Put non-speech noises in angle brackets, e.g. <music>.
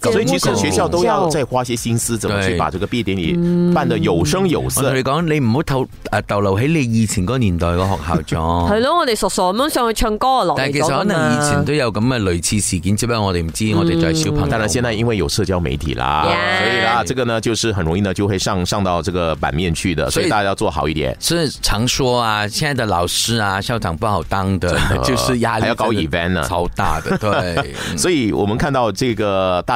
所以其實學校都要再花些心思，怎麼去把這個畢業典禮辦得有聲有色。對我哋講你唔好透誒逗留喺你以前嗰年代個學校中。係咯，我哋傻傻咁上去唱歌啊。但係其實可能以前都有咁嘅類似事件，只不過我哋唔知，我哋就係小朋友。但係現在啦，因為有社交媒體啦，所以啦，這個呢，就是很容易呢就會上上到這個版面去的。所以大家要做好一點。所以常說啊，現在的老師啊，校長不好當的， <laughs> 就是壓力，要搞 event 超大的。對， <laughs> 所以我們看到這個大。